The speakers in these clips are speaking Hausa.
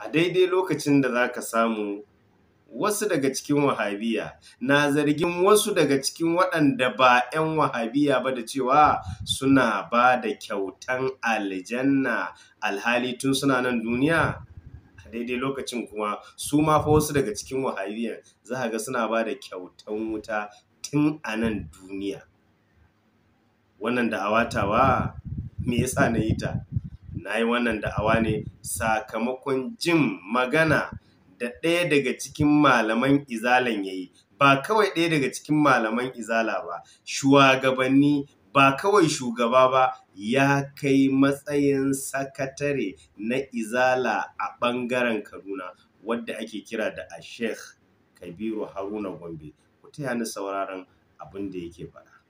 a daidai lokacin da za ka samu wasu daga cikin wahabiya na zargin wasu daga cikin waɗanda ba 'yan wahabiya ba da cewa suna ba da kyautan aljanna alhali tun suna nan duniya a daidai lokacin kuma su ma fa wasu daga cikin wahabiya za ga suna ba da kyautan wuta tun a nan duniya wannan da awatawa me yasa na yi ta na yi wannan da'awa ne sakamakon jin magana da ɗaya daga cikin malaman izalan ya yi ba kawai ɗaya daga cikin malaman izala ba shugabanni ba kawai shugaba ba ya kai matsayin sakatare na izala a ɓangaren kaduna wadda ake kira da a sheikh kabiru haruna gombe ku taya ni sauraron abin da yake faɗa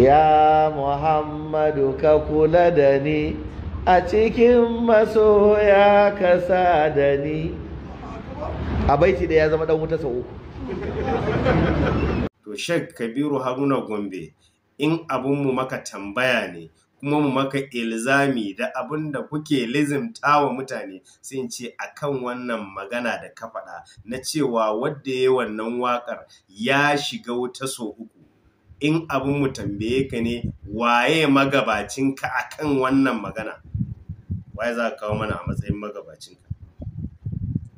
ya muhammadu ka kula da ni a cikin masoya ka sa da ni a baiti da ya zama dan wuta sau uku to shek kabiru haruna gombe in abinmu maka tambaya ne kuma mu maka ilzami da abin da kuke lizimta wa mutane sun ce a kan wannan magana da kafaɗa, na cewa wadda ya wannan waƙar ya shiga wuta sau uku in abin mu tambaye ka ne waye magabacinka akan wannan magana waye za ka kawo mana a matsayin magabacinka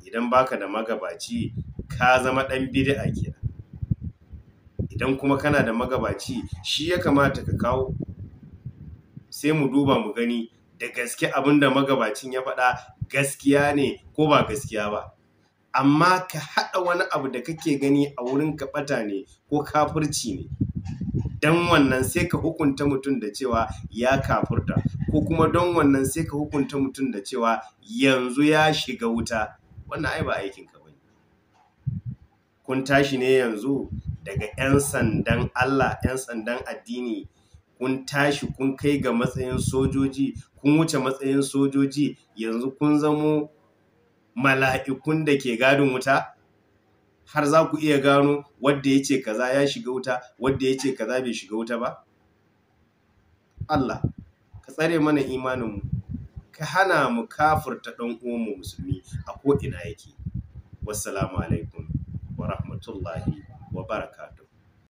idan baka da magabaci ka zama ɗan bid'a kenan idan kuma kana da magabaci shi ya kamata ka kawo sai mu duba mu gani da gaske abin da magabacin ya faɗa gaskiya ne ko ba gaskiya ba amma ka haɗa wani abu da kake gani a wurin kaɓata ne ko kafirci ne don wannan sai ka hukunta mutum da cewa ya kafurta ko kuma don wannan sai ka hukunta mutum da cewa yanzu ya shiga wuta wannan ai ba aikin ka bane kun tashi ne yanzu daga 'yan sandan Allah 'yan sandan addini kun tashi kun kai ga matsayin sojoji kun wuce matsayin sojoji yanzu kun zamo mala'ikun da ke gadin wuta har za ku iya gano wadda ya ce kaza ya shiga wuta wadda ya ce kaza bai shiga wuta ba Allah ka tsare mana imaninmu ka hana mu kafur ta ɗan uwanmu musulmi a ko'ina yake wassalamu alaikum wa rahmatullahi wa barakatuh